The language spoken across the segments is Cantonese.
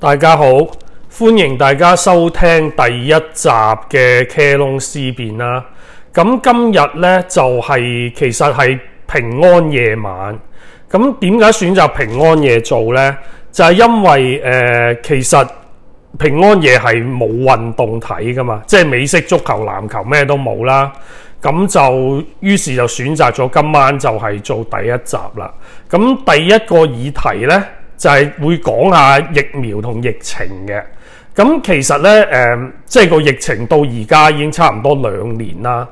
大家好，歡迎大家收聽第一集嘅《K 隆思辯》啦。咁今日呢，就係其實係平安夜晚。咁點解選擇平安夜做呢？就係、是、因為誒、呃，其實平安夜係冇運動睇噶嘛，即係美式足球、籃球咩都冇啦。咁就於是就選擇咗今晚就係做第一集啦。咁第一個議題呢。就係會講下疫苗同疫情嘅，咁、嗯、其實呢，誒、嗯，即係個疫情到而家已經差唔多兩年啦。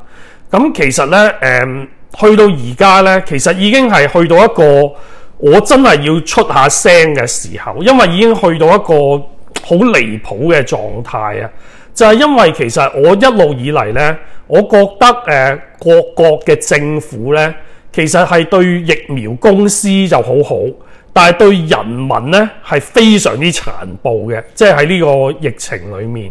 咁、嗯、其實呢，誒、嗯，去到而家呢，其實已經係去到一個我真係要出下聲嘅時候，因為已經去到一個好離譜嘅狀態啊！就係、是、因為其實我一路以嚟呢，我覺得誒、呃、各國嘅政府呢，其實係對疫苗公司就好好。但係對人民呢係非常之殘暴嘅，即係喺呢個疫情裡面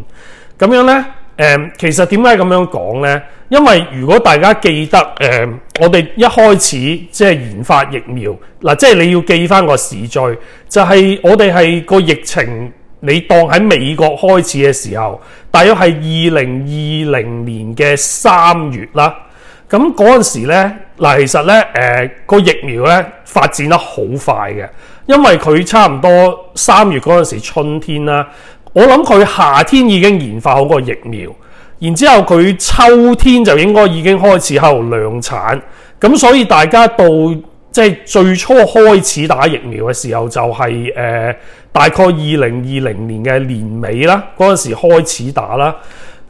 咁樣呢，誒、呃，其實點解咁樣講呢？因為如果大家記得誒、呃，我哋一開始即係研發疫苗嗱、啊，即係你要記返個時序，就係、是、我哋係個疫情你當喺美國開始嘅時候，大約係二零二零年嘅三月啦。咁嗰陣時呢。嗱，其實咧，誒、呃嗰個疫苗咧發展得好快嘅，因為佢差唔多三月嗰陣時春天啦，我諗佢夏天已經研發好個疫苗，然之後佢秋天就應該已經開始喺度量產，咁所以大家到即係最初開始打疫苗嘅時候、就係，就係誒大概二零二零年嘅年尾啦，嗰、嗰、陣、個、時開始打啦。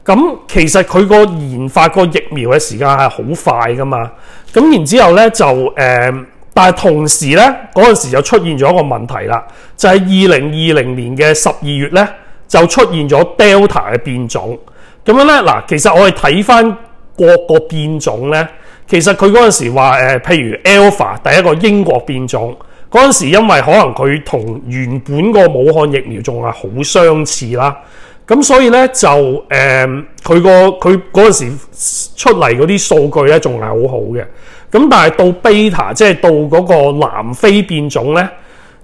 咁其實佢個研發個疫苗嘅時間係好快㗎嘛，咁然之後咧就誒、呃，但係同時咧嗰陣時就出現咗一個問題啦，就係二零二零年嘅十二月咧就出現咗 Delta 嘅變種，咁樣咧嗱，其實我哋睇翻各個變種咧，其實佢嗰陣時話、呃、譬如 Alpha 第一個英國變種嗰陣時，因為可能佢同原本個武漢疫苗仲係好相似啦。咁所以咧就誒佢，呃，那個佢嗰陣時出嚟嗰啲數據咧仲係好好嘅，咁但係到 Beta 即係到嗰個南非變種咧，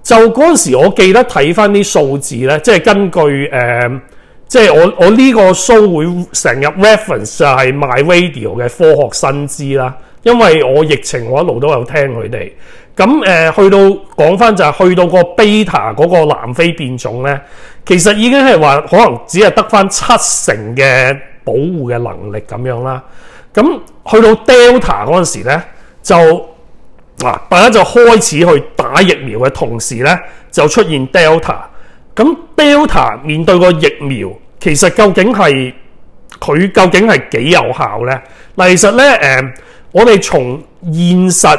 就嗰陣時我記得睇翻啲數字咧，即係根據誒，即、呃、係、就是、我我呢個 show 會成日 reference 就係 MyRadio 嘅科學新知啦。因為我疫情，我一路都有聽佢哋咁誒。去到講翻就係、是、去到個 beta 嗰個南非變種咧，其實已經係話可能只係得翻七成嘅保護嘅能力咁樣啦。咁去到 delta 嗰陣時咧，就嗱、啊，大家就開始去打疫苗嘅同時咧，就出現 delta。咁 delta 面對個疫苗，其實究竟係佢究竟係幾有效咧？嗱、啊，其實咧誒。呃我哋從現實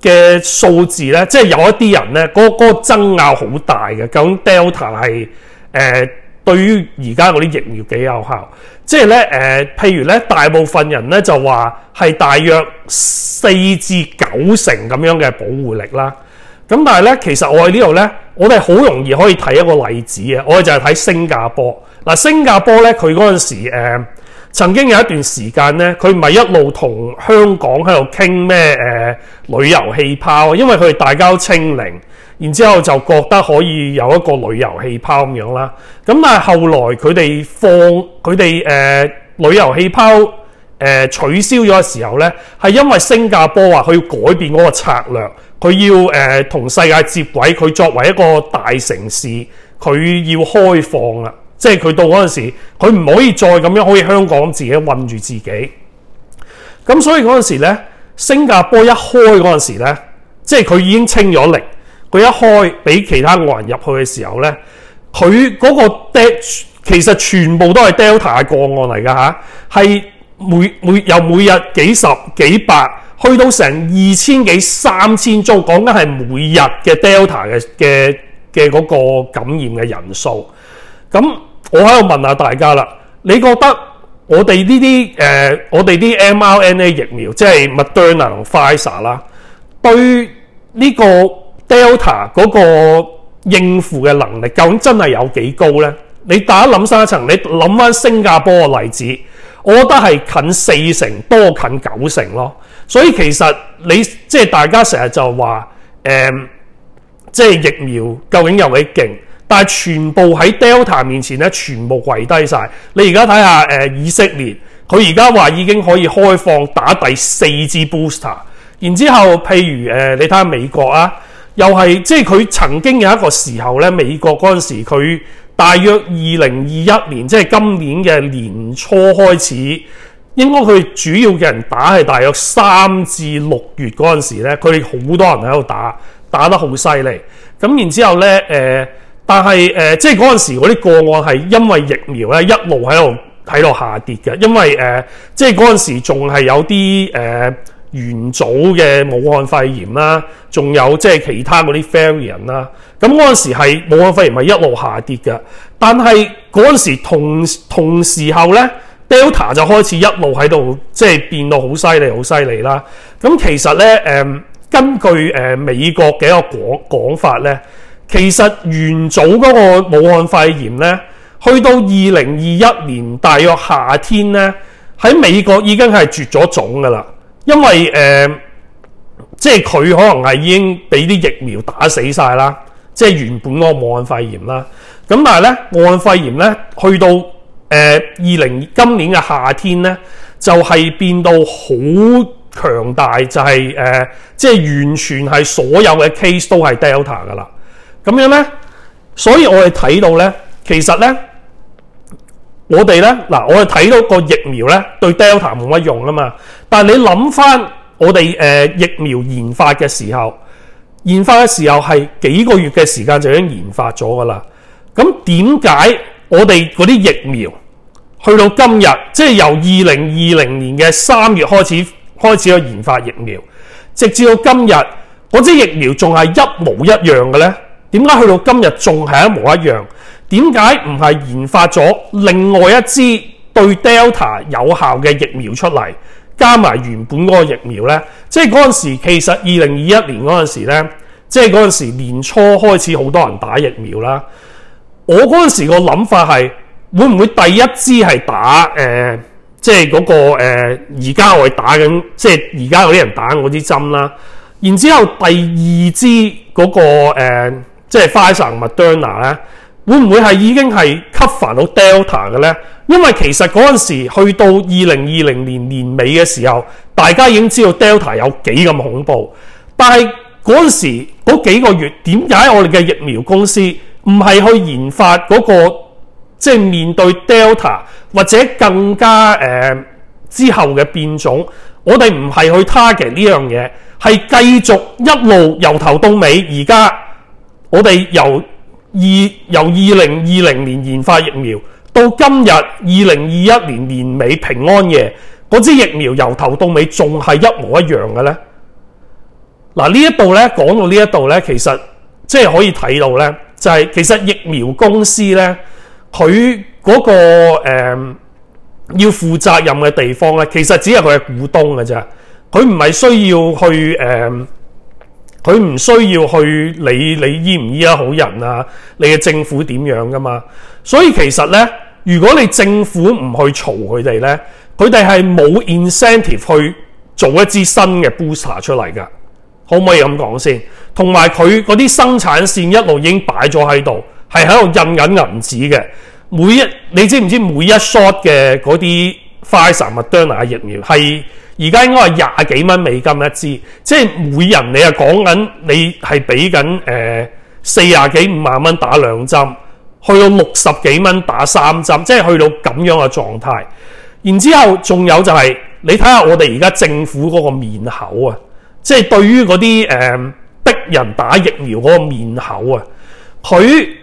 嘅數字咧，即係有一啲人咧，嗰嗰、嗰個爭拗好大嘅，咁 Delta 係誒、呃、對於而家嗰啲疫苗幾有效，即係咧誒，譬如咧大部分人咧就話係大約四至九成咁樣嘅保護力啦。咁但係咧，其實我喺呢度咧，我哋好容易可以睇一個例子嘅，我哋就係睇新加坡。嗱、啊，新加坡咧佢嗰陣時、呃曾經有一段時間呢佢唔係一路同香港喺度傾咩誒旅遊氣泡，因為佢大交清零，然之後就覺得可以有一個旅遊氣泡咁樣啦。咁啊，後來佢哋放佢哋誒旅遊氣泡誒、呃、取消咗嘅時候呢係因為新加坡話佢要改變嗰個策略，佢要誒同、呃、世界接軌，佢作為一個大城市，佢要開放啦。即係佢到嗰陣時，佢唔可以再咁樣，可以香港自己韞住自己。咁所以嗰陣時咧，新加坡一開嗰陣時咧，即係佢已經清咗零。佢一開俾其他外人入去嘅時候呢，佢嗰個的其實全部都係 Delta 個案嚟㗎吓，係每每由每日幾十幾百，去到成二千幾三千宗，講緊係每日嘅 Delta 嘅嘅嘅嗰個感染嘅人數，咁。我喺度問下大家啦，你覺得我哋呢啲誒，我哋啲 mRNA 疫苗，即係 Moderna 同 Pfizer 啦，對呢個 Delta 嗰個應付嘅能力，究竟真係有幾高咧？你大家諗深一層，你諗翻新加坡嘅例子，我覺得係近四成多，近九成咯。所以其實你即係大家成日就話誒、呃，即係疫苗究竟有幾勁？但係全部喺 Delta 面前咧，全部跪低晒。你而家睇下誒、呃，以色列佢而家話已經可以開放打第四支 booster。然之後，譬如誒、呃，你睇下美國啊，又係即係佢曾經有一個時候咧，美國嗰陣時佢大約二零二一年，即係今年嘅年初開始，應該佢主要嘅人打係大約三至六月嗰陣時咧，佢哋好多人喺度打，打得好犀利。咁然之後咧，誒、呃。但係誒，即係嗰陣時嗰啲個案係因為疫苗咧一路喺度喺度下跌嘅，因為誒，即係嗰陣時仲係有啲誒、呃、元祖嘅武漢肺炎啦，仲有即係其他嗰啲 variant 啦。咁嗰陣時係武漢肺炎係一路下跌嘅，但係嗰陣時同同時候咧，Delta 就開始一路喺度即係變到好犀利，好犀利啦。咁其實咧誒、呃，根據誒、呃、美國嘅一個講講法咧。其實元祖嗰個武漢肺炎咧，去到二零二一年大約夏天咧，喺美國已經係絕咗種噶啦，因為誒、呃，即係佢可能係已經俾啲疫苗打死晒啦，即係原本嗰個武漢肺炎啦。咁但係咧，武漢肺炎咧，去到誒二零今年嘅夏天咧，就係、是、變到好強大，就係、是、誒、呃，即係完全係所有嘅 case 都係 Delta 噶啦。咁樣呢，所以我哋睇到呢，其實呢，我哋呢，嗱，我哋睇到個疫苗呢，對 Delta 冇乜用啊嘛。但係你諗翻我哋誒、呃、疫苗研發嘅時候，研發嘅時候係幾個月嘅時間就已經研發咗噶啦。咁點解我哋嗰啲疫苗去到今日，即係由二零二零年嘅三月開始開始去研發疫苗，直至到今日嗰隻疫苗仲係一模一樣嘅呢？點解去到今日仲係一模一樣？點解唔係研發咗另外一支對 Delta 有效嘅疫苗出嚟，加埋原本嗰個疫苗呢？即係嗰陣時，其實二零二一年嗰陣時咧，即係嗰陣時年初開始好多人打疫苗啦。我嗰陣時個諗法係會唔會第一支係打誒、呃，即係嗰、嗰個而家、呃、我哋打緊，即係而家有啲人打嗰啲針啦。然之後第二支嗰、嗰個、呃即係 Pfizer 同 Moderna 咧，會唔會係已經係 cover 到 Delta 嘅咧？因為其實嗰陣時去到二零二零年年尾嘅時候，大家已經知道 Delta 有幾咁恐怖。但係嗰陣時嗰幾個月，點解我哋嘅疫苗公司唔係去研發嗰、那個即係、就是、面對 Delta 或者更加誒、呃、之後嘅變種？我哋唔係去 target 呢樣嘢，係繼續一路由頭到尾，而家。我哋由二由二零二零年研發疫苗到今日，二零二一年年尾，平安夜，嗰支疫苗由頭到尾仲係一模一樣嘅咧。嗱、啊、呢一度咧，講到呢一度咧，其實即係可以睇到咧，就係、是、其實疫苗公司咧，佢嗰、那個、呃、要負責任嘅地方咧，其實只係佢嘅股東嘅啫，佢唔係需要去誒。呃佢唔需要去理你醫唔醫得好人啊，你嘅政府點樣㗎嘛？所以其實呢，如果你政府唔去嘈佢哋呢，佢哋係冇 incentive 去做一支新嘅 booster 出嚟㗎。可唔可以咁講先？同埋佢嗰啲生產線一路已經擺咗喺度，係喺度印緊銀紙嘅。每一，你知唔知每一 shot 嘅嗰啲 Pfizer、Moderna 疫苗係？而家應該係廿幾蚊美金一支，即係每人你係講緊你係俾緊誒四廿幾五萬蚊打兩針，去到六十幾蚊打三針，即係去到咁樣嘅狀態。然之後仲有就係、是、你睇下我哋而家政府嗰個面口啊，即係對於嗰啲誒逼人打疫苗嗰個面口啊，佢。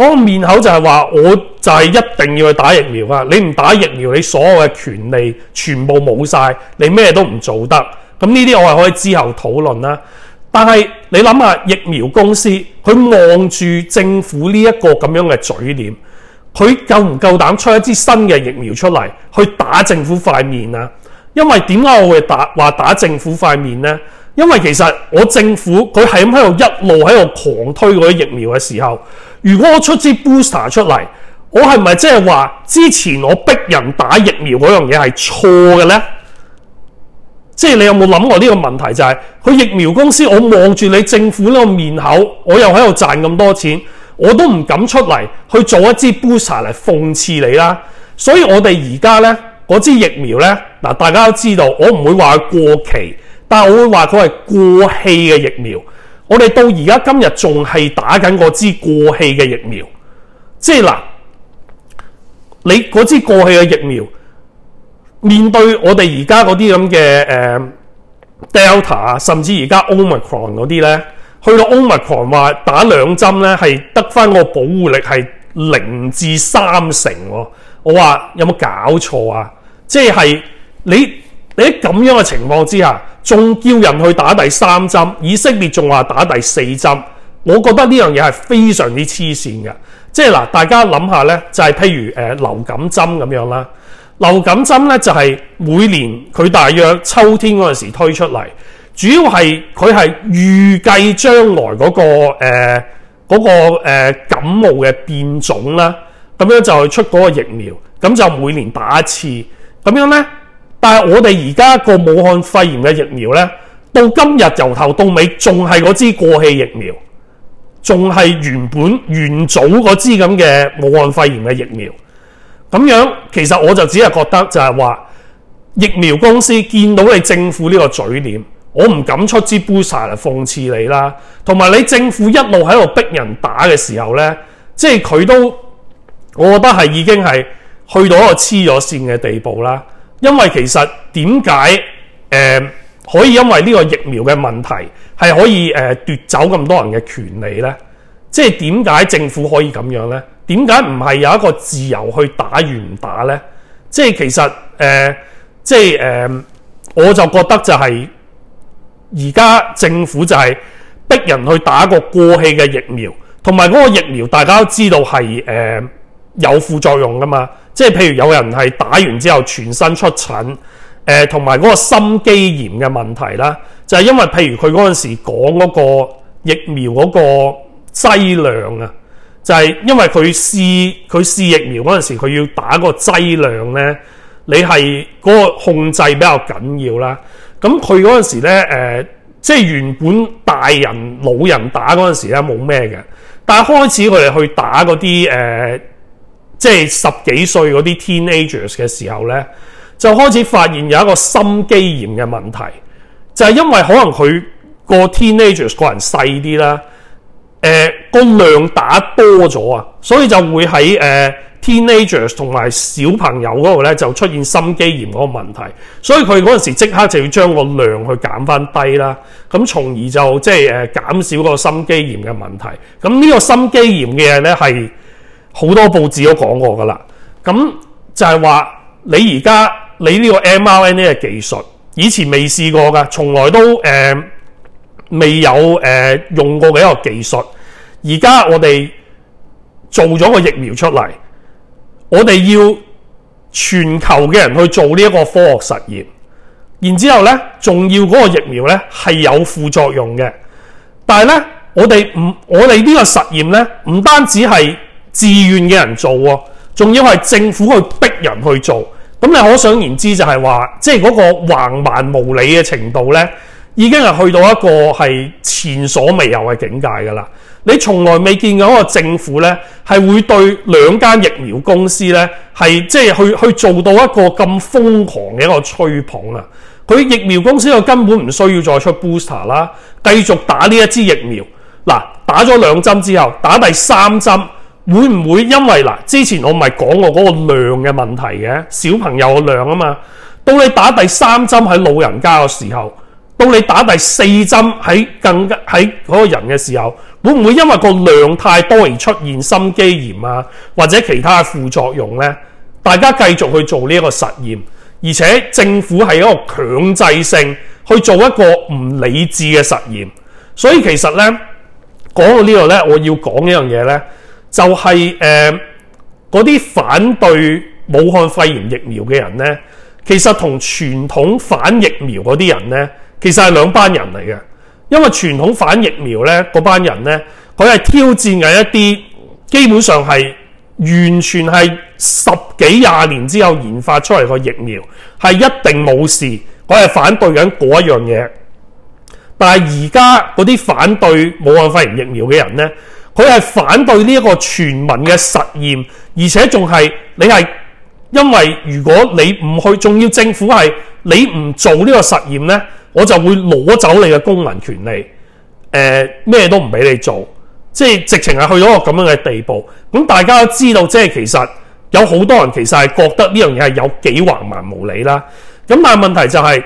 嗰個面口就係話，我就係一定要去打疫苗啊！你唔打疫苗，你所有嘅權利全部冇晒，你咩都唔做得。咁呢啲我係可以之後討論啦。但係你諗下，疫苗公司佢望住政府呢一個咁樣嘅嘴臉，佢夠唔夠膽出一支新嘅疫苗出嚟去打政府塊面啊？因為點解我會打話打政府塊面呢？因為其實我政府佢係咁喺度一路喺度狂推嗰啲疫苗嘅時候，如果我出支 booster 出嚟，我係咪即係話之前我逼人打疫苗嗰樣嘢係錯嘅咧？即係你有冇諗過呢個問題，就是，就係佢疫苗公司，我望住你政府呢個面口，我又喺度賺咁多錢，我都唔敢出嚟去做一支 booster 嚟諷刺你啦。所以我哋而家咧嗰支疫苗咧，嗱，大家都知道，我唔會話過期，但係我會話佢係過氣嘅疫苗。我哋到而家今日仲係打緊嗰支過氣嘅疫苗，即係嗱，你嗰支過氣嘅疫苗面對我哋而家嗰啲咁嘅誒 Delta 甚至而家 Omicron 嗰啲咧，去到 Omicron 話打兩針咧係得返個保護力係零至三成，哦，我話有冇搞錯啊？即係你。你喺咁樣嘅情況之下，仲叫人去打第三針，以色列仲話打第四針，我覺得呢樣嘢係非常之黐線嘅。即係嗱，大家諗下呢，就係譬如誒流感針咁樣啦。流感針呢，就係每年佢大約秋天嗰陣時推出嚟，主要係佢係預計將來嗰個誒嗰個誒感冒嘅變種啦，咁樣就出嗰個疫苗，咁就每年打一次，咁樣呢。但係，我哋而家個武漢肺炎嘅疫苗呢，到今日由頭到尾仲係嗰支過氣疫苗，仲係原本元祖嗰支咁嘅武漢肺炎嘅疫苗。咁樣其實我就只係覺得就係話，疫苗公司見到你政府呢個嘴臉，我唔敢出支杯沙嚟諷刺你啦。同埋你政府一路喺度逼人打嘅時候呢，即係佢都，我覺得係已經係去到一個黐咗線嘅地步啦。因為其實點解誒可以因為呢個疫苗嘅問題係可以誒、呃、奪走咁多人嘅權利呢？即係點解政府可以咁樣呢？點解唔係有一個自由去打完唔打呢？即係其實誒、呃、即係誒、呃，我就覺得就係而家政府就係逼人去打一個過氣嘅疫苗，同埋嗰個疫苗大家都知道係誒、呃、有副作用噶嘛。即係譬如有人係打完之後全身出疹，誒同埋嗰個心肌炎嘅問題啦，就係、是、因為譬如佢嗰陣時講嗰個疫苗嗰個劑量啊，就係、是、因為佢試佢試疫苗嗰陣時，佢要打個劑量咧，你係嗰個控制比較緊要啦。咁佢嗰陣時咧，誒、呃、即係原本大人老人打嗰陣時咧冇咩嘅，但係開始佢哋去打嗰啲誒。呃即係十幾歲嗰啲 teenagers 嘅時候咧，就開始發現有一個心肌炎嘅問題，就係、是、因為可能佢個 teenagers 個人細啲啦，誒、呃、個量打多咗啊，所以就會喺誒 teenagers 同埋小朋友嗰度咧就出現心肌炎嗰個問題，所以佢嗰陣時即刻就要將個量去減返低啦，咁從而就即係誒減少個心肌炎嘅問題。咁呢個心肌炎嘅嘢咧係，好多報紙都講過㗎啦，咁就係話你而家你呢個 mRNA 嘅技術以前未試過㗎，從來都誒、呃、未有誒、呃、用過嘅一個技術。而家我哋做咗個疫苗出嚟，我哋要全球嘅人去做呢一個科學實驗，然之後呢，仲要嗰個疫苗呢係有副作用嘅，但係呢，我哋唔我哋呢個實驗呢，唔單止係。自願嘅人做喎、哦，仲要係政府去逼人去做，咁你可想而知就係話，即係嗰個橫蠻無理嘅程度呢，已經係去到一個係前所未有嘅境界㗎啦。你從來未見到嗰個政府呢，係會對兩間疫苗公司呢，係即係去去做到一個咁瘋狂嘅一個吹捧啊！佢疫苗公司就根本唔需要再出 booster 啦，繼續打呢一支疫苗嗱，打咗兩針之後打第三針。會唔會因為嗱，之前我咪講過嗰個量嘅問題嘅小朋友嘅量啊嘛？到你打第三針喺老人家嘅時候，到你打第四針喺更加喺嗰個人嘅時候，會唔會因為個量太多而出現心肌炎啊或者其他副作用呢？大家繼續去做呢一個實驗，而且政府係一個強制性去做一個唔理智嘅實驗，所以其實呢，講到呢度呢，我要講一樣嘢呢。就係誒嗰啲反對武漢肺炎疫苗嘅人呢，其實同傳統反疫苗嗰啲人呢，其實係兩班人嚟嘅。因為傳統反疫苗呢，嗰班人呢，佢係挑戰緊一啲基本上係完全係十幾廿年之後研發出嚟嘅疫苗係一定冇事，佢係反對緊嗰一樣嘢。但係而家嗰啲反對武漢肺炎疫苗嘅人呢，佢係反對呢一個全民嘅實驗，而且仲係你係因為如果你唔去，仲要政府係你唔做呢個實驗呢，我就會攞走你嘅公民權利，咩、呃、都唔俾你做，即係直情係去咗個咁樣嘅地步。咁、嗯、大家都知道，即係其實有好多人其實係覺得呢樣嘢係有幾橫蠻無理啦。咁但係問題就係、是，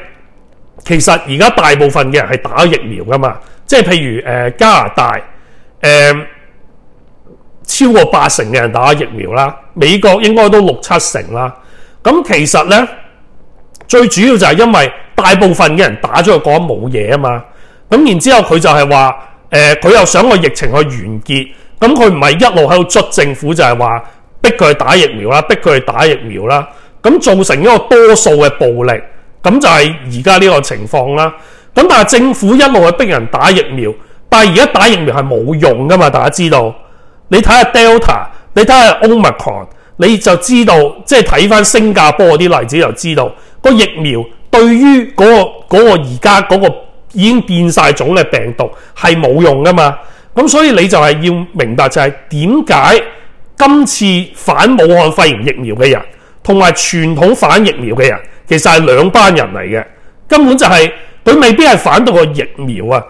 其實而家大部分嘅人係打疫苗噶嘛，即係譬如誒、呃、加拿大，誒、呃。超過八成嘅人打疫苗啦，美國應該都六七成啦。咁其實呢，最主要就係因為大部分嘅人打咗個講冇嘢啊嘛。咁然之後佢就係話誒，佢、呃、又想個疫情去完結，咁佢唔係一路喺度捉政府就，就係話逼佢去打疫苗啦，逼佢去打疫苗啦。咁造成一個多數嘅暴力，咁就係而家呢個情況啦。咁但係政府一路去逼人打疫苗，但係而家打疫苗係冇用㗎嘛，大家知道。你睇下 Delta，你睇下 Omicron，你就知道，即係睇翻新加坡嗰啲例子，就知道個疫苗對於嗰個嗰個而家嗰個已經變晒種嘅病毒係冇用噶嘛。咁所以你就係要明白就係點解今次反武漢肺炎疫苗嘅人，同埋傳統反疫苗嘅人，其實係兩班人嚟嘅，根本就係、是、佢未必係反到個疫苗啊。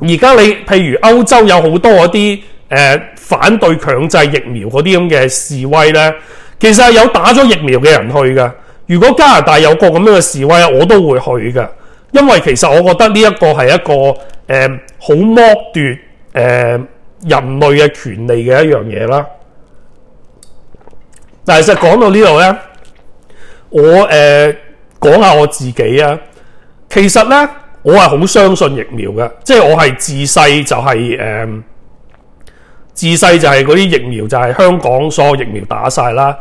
而家你譬如歐洲有好多嗰啲誒。呃反對強制疫苗嗰啲咁嘅示威呢，其實係有打咗疫苗嘅人去嘅。如果加拿大有個咁樣嘅示威，我都會去嘅，因為其實我覺得呢一個係一個誒好剝奪誒、呃、人類嘅權利嘅一樣嘢啦。但係實講到呢度呢，我誒、呃、講下我自己啊。其實呢，我係好相信疫苗嘅，即係我係自細就係、是、誒。呃自細就係嗰啲疫苗就係、是、香港所有疫苗打晒啦，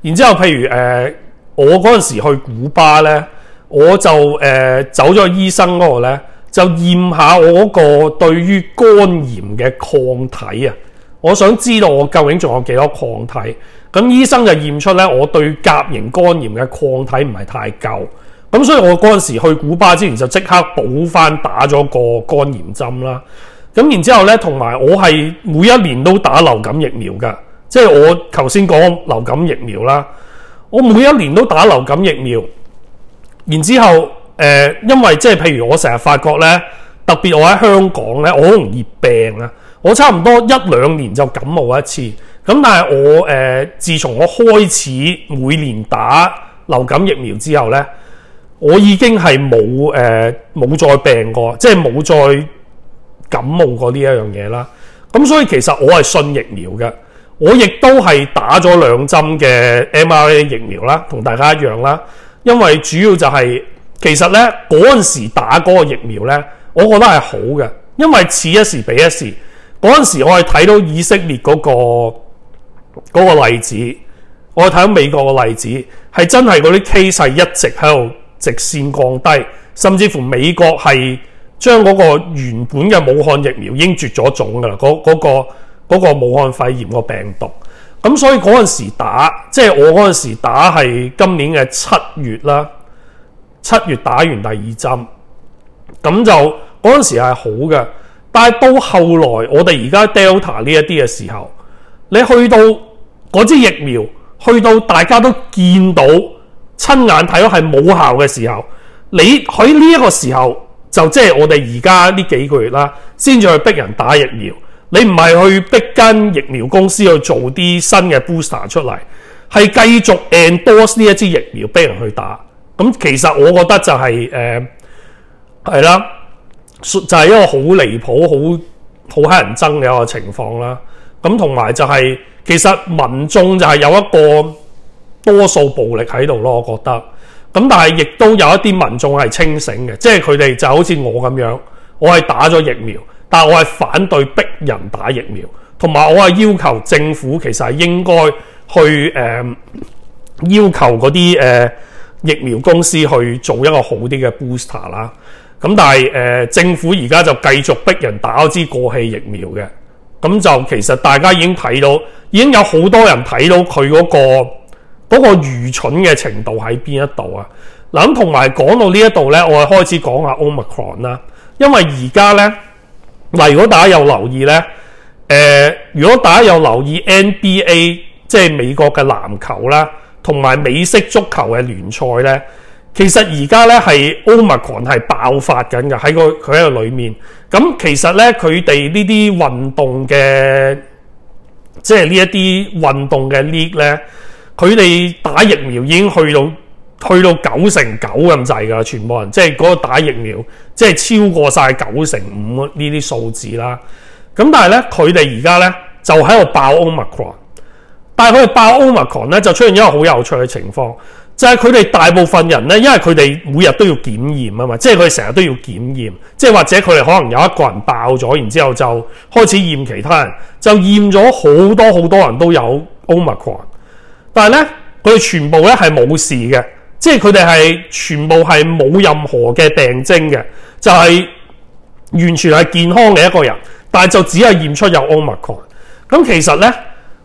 然之後譬如誒、呃，我嗰陣時去古巴咧，我就誒、呃、走咗醫生嗰度咧，就驗下我嗰個對於肝炎嘅抗體啊，我想知道我究竟仲有幾多抗體，咁醫生就驗出咧，我對甲型肝炎嘅抗體唔係太夠，咁所以我嗰陣時去古巴之前就即刻補翻打咗個肝炎針啦。咁然之後咧，同埋我係每一年都打流感疫苗㗎，即係我頭先講流感疫苗啦。我每一年都打流感疫苗。然之後，誒、呃，因為即係譬如我成日發覺咧，特別我喺香港咧，我好容易病啊！我差唔多一兩年就感冒一次。咁但係我誒、呃，自從我開始每年打流感疫苗之後咧，我已經係冇誒冇再病過，即係冇再。感冒過呢一樣嘢啦，咁所以其實我係信疫苗嘅，我亦都係打咗兩針嘅 mRNA 疫苗啦，同大家一樣啦。因為主要就係、是、其實呢嗰陣時打嗰個疫苗呢，我覺得係好嘅，因為似一時比一時，嗰陣時我係睇到以色列嗰、嗰個嗰個例子，我係睇到美國嘅例子，係真係嗰啲趨勢一直喺度直線降低，甚至乎美國係。將嗰個原本嘅武漢疫苗已經絕咗種㗎啦。嗰嗰、嗰個嗰個武漢肺炎個病毒咁，所以嗰陣時打，即係我嗰陣時打係今年嘅七月啦。七月打完第二針，咁就嗰陣時係好嘅，但係到後來我哋而家 Delta 呢一啲嘅時候，你去到嗰支疫苗，去到大家都見到親眼睇到係冇效嘅時候，你喺呢一個時候。就即係我哋而家呢幾個月啦，先至去逼人打疫苗。你唔係去逼間疫苗公司去做啲新嘅 booster 出嚟，係繼續 endorse 呢一支疫苗俾人去打。咁、嗯、其實我覺得就係誒係啦，就係、是、一個好離譜、好好乞人憎嘅一個情況啦。咁同埋就係、是、其實民眾就係有一個多數暴力喺度咯，我覺得。咁但係亦都有一啲民眾係清醒嘅，即係佢哋就好似我咁樣，我係打咗疫苗，但係我係反對逼人打疫苗，同埋我係要求政府其實係應該去誒、呃、要求嗰啲誒疫苗公司去做一個好啲嘅 booster 啦。咁但係誒、呃、政府而家就繼續逼人打一支過氣疫苗嘅，咁就其實大家已經睇到，已經有好多人睇到佢嗰、嗰個。嗰個愚蠢嘅程度喺邊一度啊？嗱，咁同埋講到呢一度呢，我開始講下 Omicron 啦。因為而家呢，嗱，如果大家有留意呢，誒、呃，如果大家有留意 NBA 即係美國嘅籃球啦，同埋美式足球嘅聯賽呢，其實而家呢係 Omicron 係爆發緊嘅喺個佢喺個裡面咁、嗯。其實呢，佢哋呢啲運動嘅即係呢一啲運動嘅 league 咧。佢哋打疫苗已經去到去到九成九咁滯㗎，全部人即係嗰個打疫苗，即係超過晒九成五呢啲數字啦。咁但係咧，佢哋而家咧就喺度爆 omicron，但係佢爆 omicron 咧就出現一個好有趣嘅情況，就係佢哋大部分人咧，因為佢哋每日都要檢驗啊嘛，即係佢哋成日都要檢驗，即係或者佢哋可能有一個人爆咗，然之後就開始驗其他人，就驗咗好多好多人都有 omicron。但係咧，佢哋全部咧係冇事嘅，即係佢哋係全部係冇任何嘅病徵嘅，就係、是、完全係健康嘅一個人。但係就只係驗出有 Omicron。咁其實咧，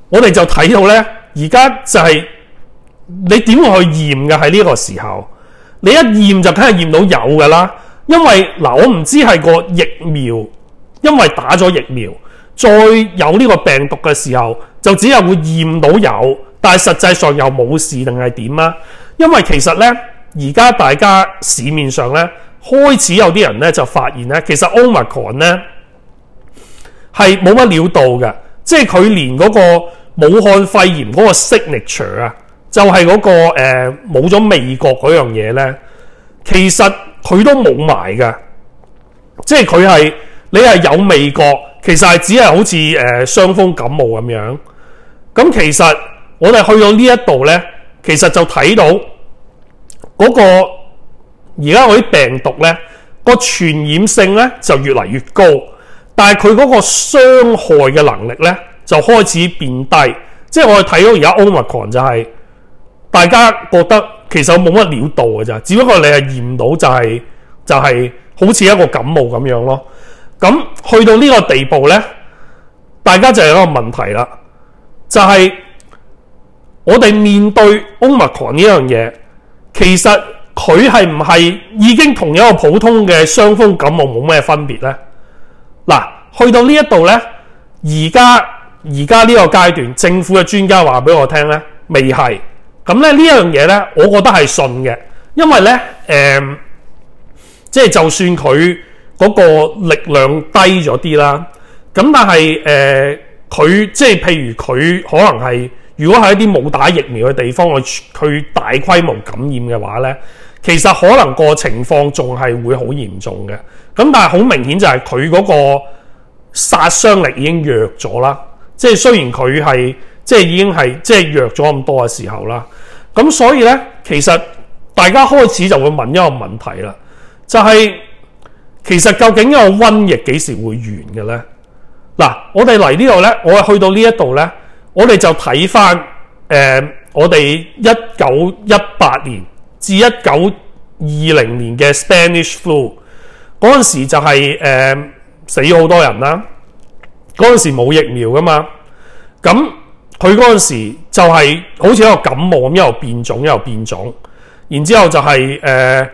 我哋就睇到咧，而家就係、是、你點會去驗嘅喺呢個時候，你一驗就梗係驗到有噶啦。因為嗱、呃，我唔知係個疫苗，因為打咗疫苗，再有呢個病毒嘅時候，就只係會驗到有。但係實際上又冇事定係點啊？因為其實呢，而家大家市面上呢，開始有啲人呢就發現呢，其實 Omicron 呢係冇乜料到嘅，即係佢連嗰個武漢肺炎嗰個 signature 啊、那個，就係嗰個冇咗味覺嗰樣嘢呢，其實佢都冇埋嘅，即係佢係你係有味覺，其實係只係好似誒傷風感冒咁樣。咁其實。我哋去到呢一度咧，其實就睇到嗰個而家嗰啲病毒咧個傳染性咧就越嚟越高，但係佢嗰個傷害嘅能力咧就開始變低。即係我哋睇到而家 Omicron 就係大家覺得其實冇乜料到㗎，咋？只不過你係驗到就係、就係、好似一個感冒咁樣咯。咁去到呢個地步咧，大家就有一個問題啦，就係。我哋面對 Omicron 呢樣嘢，其實佢係唔係已經同一個普通嘅傷風感冒冇咩分別呢？嗱，去到呢一度呢，而家而家呢個階段，政府嘅專家話俾我聽呢，未係。咁咧呢一樣嘢呢，我覺得係信嘅，因為呢，誒、呃，即係就算佢嗰個力量低咗啲啦，咁但係誒，佢、呃、即係譬如佢可能係。如果喺一啲冇打疫苗嘅地方，佢佢大規模感染嘅話，呢其實可能個情況仲係會好嚴重嘅。咁但係好明顯就係佢嗰個殺傷力已經弱咗啦。即係雖然佢係即係已經係即係弱咗咁多嘅時候啦。咁所以呢，其實大家開始就會問一個問題啦，就係其實究竟一個瘟疫幾時會完嘅呢？嗱，我哋嚟呢度呢，我係去到呢一度呢。我哋就睇翻誒，我哋一九一八年至一九二零年嘅 Spanish flu，嗰陣時就係、是、誒、呃、死好多人啦。嗰陣時冇疫苗噶嘛，咁佢嗰陣時就係好似一個感冒咁，又變種又變,變種，然之後就係、是、誒，即、呃、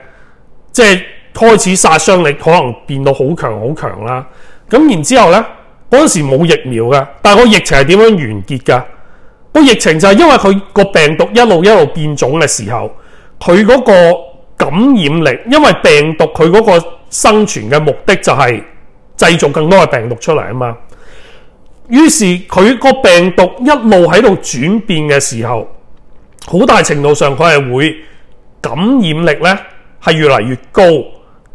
係、就是、開始殺傷力可能變到好強好強啦。咁然之後咧。嗰陣時冇疫苗㗎，但係個疫情係點樣完結㗎？個疫情就係因為佢個病毒一路一路變種嘅時候，佢嗰個感染力，因為病毒佢嗰個生存嘅目的就係製造更多嘅病毒出嚟啊嘛。於是佢個病毒一路喺度轉變嘅時候，好大程度上佢係會感染力呢係越嚟越高，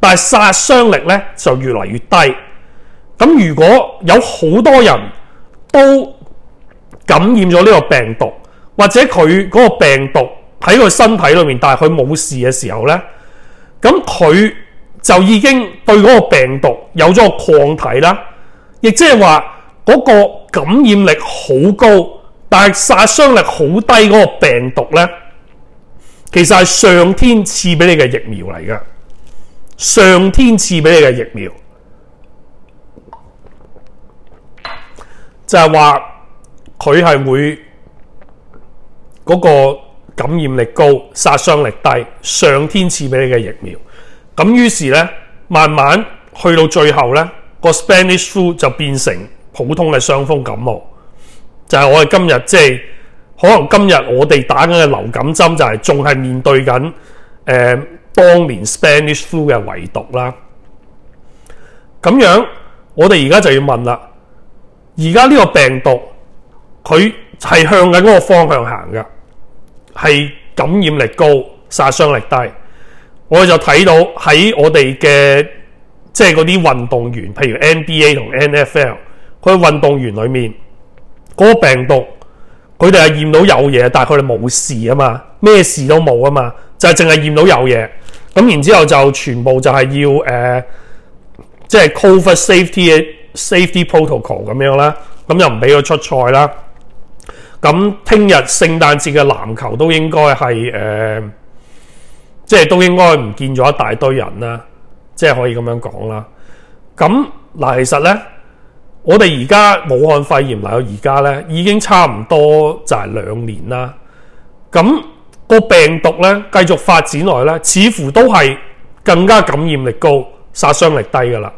但係殺傷力呢就越嚟越低。咁如果有好多人都感染咗呢個病毒，或者佢嗰個病毒喺佢身體裏面，但係佢冇事嘅時候咧，咁佢就已經對嗰個病毒有咗抗體啦。亦即係話嗰個感染力好高，但係殺傷力好低嗰個病毒咧，其實係上天賜俾你嘅疫苗嚟嘅，上天賜俾你嘅疫苗。就係話佢係會嗰個感染力高、殺傷力低，上天賜俾你嘅疫苗。咁於是呢，慢慢去到最後呢個 Spanish flu 就變成普通嘅傷風感冒。就係、是、我哋今日即係可能今日我哋打緊嘅流感針，就是，就係仲係面對緊誒、呃、當年 Spanish flu 嘅遺毒啦。咁樣我哋而家就要問啦。而家呢個病毒，佢係向緊嗰個方向行嘅，係感染力高、殺傷力低。我哋就睇到喺我哋嘅即係嗰啲運動員，譬如 NBA 同 NFL，佢運動員裏面嗰個病毒，佢哋係驗到有嘢，但係佢哋冇事啊嘛，咩事都冇啊嘛，就係淨係驗到有嘢。咁然之後就全部就係要誒，即係 cover safety Safety protocol 咁樣啦，咁又唔俾佢出賽啦。咁聽日聖誕節嘅籃球都應該係誒、呃，即係都應該唔見咗一大堆人啦，即係可以咁樣講啦。咁嗱，其實呢，我哋而家武漢肺炎嚟到而家呢，已經差唔多就係兩年啦。咁個病毒呢，繼續發展落去呢，似乎都係更加感染力高、殺傷力低噶啦。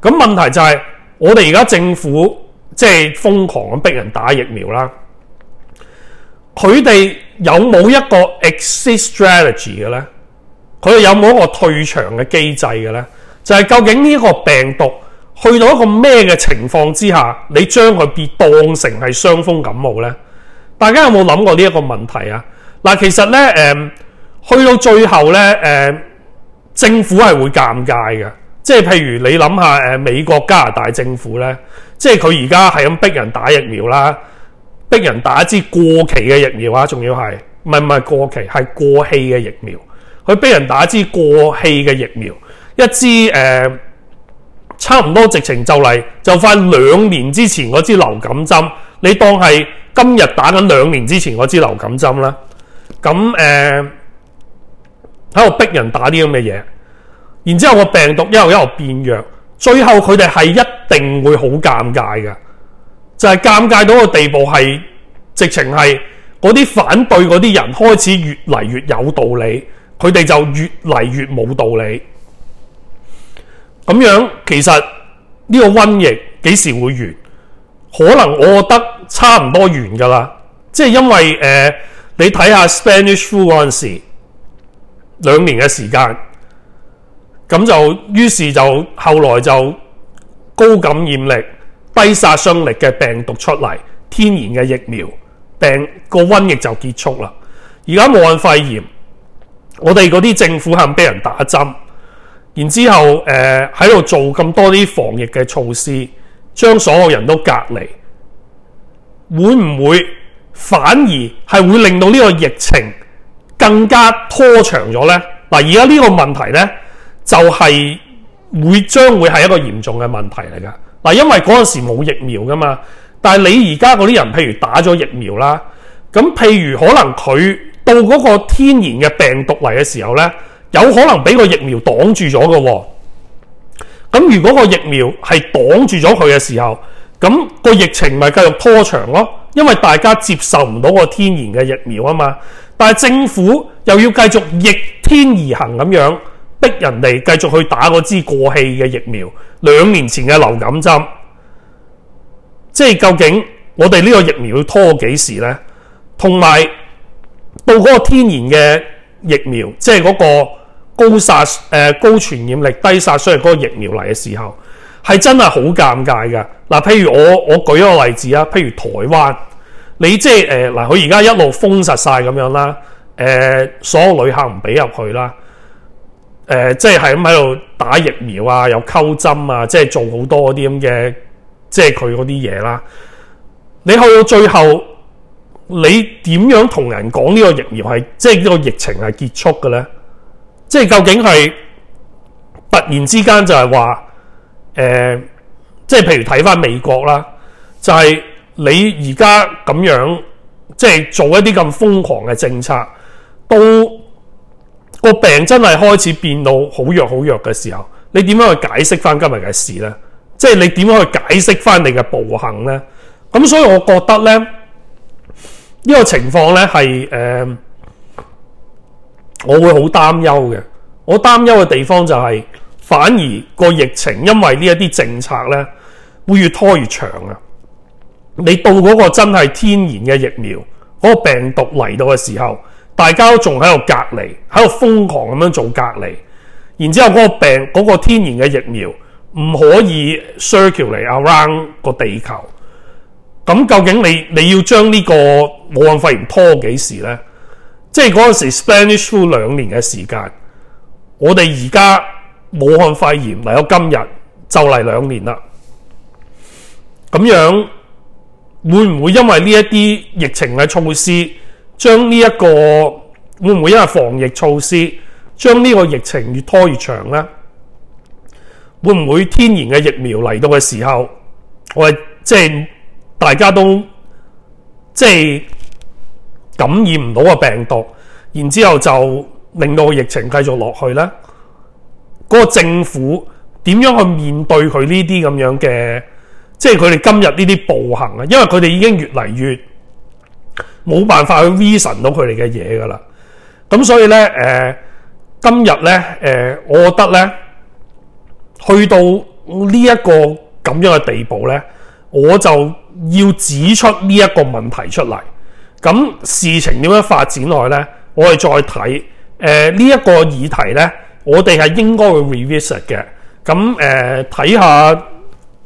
咁問題就係、是、～我哋而家政府即係瘋狂咁逼人打疫苗啦，佢哋有冇一個 exit strategy 嘅咧？佢哋有冇一個退場嘅機制嘅咧？就係、是、究竟呢一個病毒去到一個咩嘅情況之下，你將佢變當成係傷風感冒咧？大家有冇諗過呢一個問題啊？嗱，其實咧誒、呃，去到最後咧誒、呃，政府係會尷尬嘅。即係譬如你諗下誒美國加拿大政府咧，即係佢而家係咁逼人打疫苗啦，逼人打一支過期嘅疫苗啊，仲要係唔係唔係過期，係過氣嘅疫苗，佢逼人打一支過氣嘅疫苗，一支誒、呃、差唔多直情就嚟、是、就快兩年之前嗰支流感針，你當係今日打緊兩年之前嗰支流感針啦，咁誒喺度逼人打啲咁嘅嘢。然之後，個病毒一路一路變弱，最後佢哋係一定會好尷尬㗎，就係、是、尷尬到個地步係，直情係嗰啲反對嗰啲人開始越嚟越有道理，佢哋就越嚟越冇道理。咁樣其實呢、這個瘟疫幾時會完？可能我覺得差唔多完㗎啦，即係因為誒、呃，你睇下 Spanish flu 嗰陣時，兩年嘅時間。咁就於是就後來就高感染力、低殺傷力嘅病毒出嚟，天然嘅疫苗病個瘟疫就結束啦。而家武漢肺炎，我哋嗰啲政府肯俾人打針，然之後誒喺度做咁多啲防疫嘅措施，將所有人都隔離，會唔會反而係會令到呢個疫情更加拖長咗呢？嗱，而家呢個問題呢。就係會將會係一個嚴重嘅問題嚟噶，嗱，因為嗰陣時冇疫苗噶嘛，但係你而家嗰啲人譬如打咗疫苗啦，咁譬如可能佢到嗰個天然嘅病毒嚟嘅時候呢，有可能俾個疫苗擋住咗嘅喎，咁如果個疫苗係擋住咗佢嘅時候，咁個疫情咪繼續拖長咯，因為大家接受唔到個天然嘅疫苗啊嘛，但係政府又要繼續逆天而行咁樣。逼人哋繼續去打嗰支過氣嘅疫苗，兩年前嘅流感針，即係究竟我哋呢個疫苗要拖幾時呢？同埋到嗰個天然嘅疫苗，即係嗰個高殺誒、呃、高傳染力、低殺傷力嗰個疫苗嚟嘅時候，係真係好尷尬㗎。嗱，譬如我我舉一個例子啊，譬如台灣，你即係誒嗱，佢而家一路封殺晒咁樣啦，誒、呃、所有旅客唔俾入去啦。誒、呃，即係係咁喺度打疫苗啊，又溝針啊，即係做好多啲咁嘅，即係佢嗰啲嘢啦。你去到最後，你點樣同人講呢個疫苗係，即係呢個疫情係結束嘅咧？即係究竟係突然之間就係話，誒、呃，即係譬如睇翻美國啦，就係、是、你而家咁樣，即係做一啲咁瘋狂嘅政策都。個病真係開始變到好弱好弱嘅時候，你點樣去解釋翻今日嘅事呢？即係你點樣去解釋翻你嘅暴行呢？咁所以我覺得咧，呢、這個情況呢，係誒、呃，我會好擔憂嘅。我擔憂嘅地方就係、是，反而個疫情因為呢一啲政策呢，會越拖越長啊！你到嗰個真係天然嘅疫苗，嗰、那個病毒嚟到嘅時候。大家都仲喺度隔離，喺度瘋狂咁樣做隔離，然之後嗰個病嗰、嗰個天然嘅疫苗唔可以 circulate around 個地球，咁究竟你你要將呢個武漢肺炎拖幾時呢？即係嗰陣時 spend 咗兩年嘅時間，我哋而家武漢肺炎嚟到今日就嚟兩年啦，咁樣會唔會因為呢一啲疫情嘅措施？將呢一個會唔會因為防疫措施將呢個疫情越拖越長呢？會唔會天然嘅疫苗嚟到嘅時候，我係即大家都即感染唔到個病毒，然之後就令到個疫情繼續落去呢？嗰個政府點樣去面對佢呢啲咁樣嘅，即係佢哋今日呢啲暴行啊？因為佢哋已經越嚟越冇辦法去 reason 到佢哋嘅嘢噶啦，咁所以咧，誒、呃、今日咧，誒、呃、我覺得咧，去到呢、這、一個咁樣嘅地步咧，我就要指出呢一個問題出嚟。咁事情點樣發展落去咧，我哋再睇。誒、呢一個議題咧，我哋係應該會 revisit 嘅。咁、誒、睇下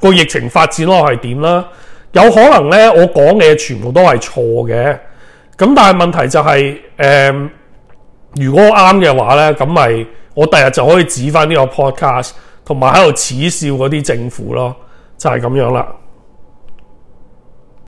個疫情發展落去係點啦。有可能咧，我講嘅全部都係錯嘅。咁但係問題就係、是，誒、呃，如果啱嘅話咧，咁咪我第日就可以指返呢個 podcast，同埋喺度恥笑嗰啲政府咯，就係、是、咁樣啦。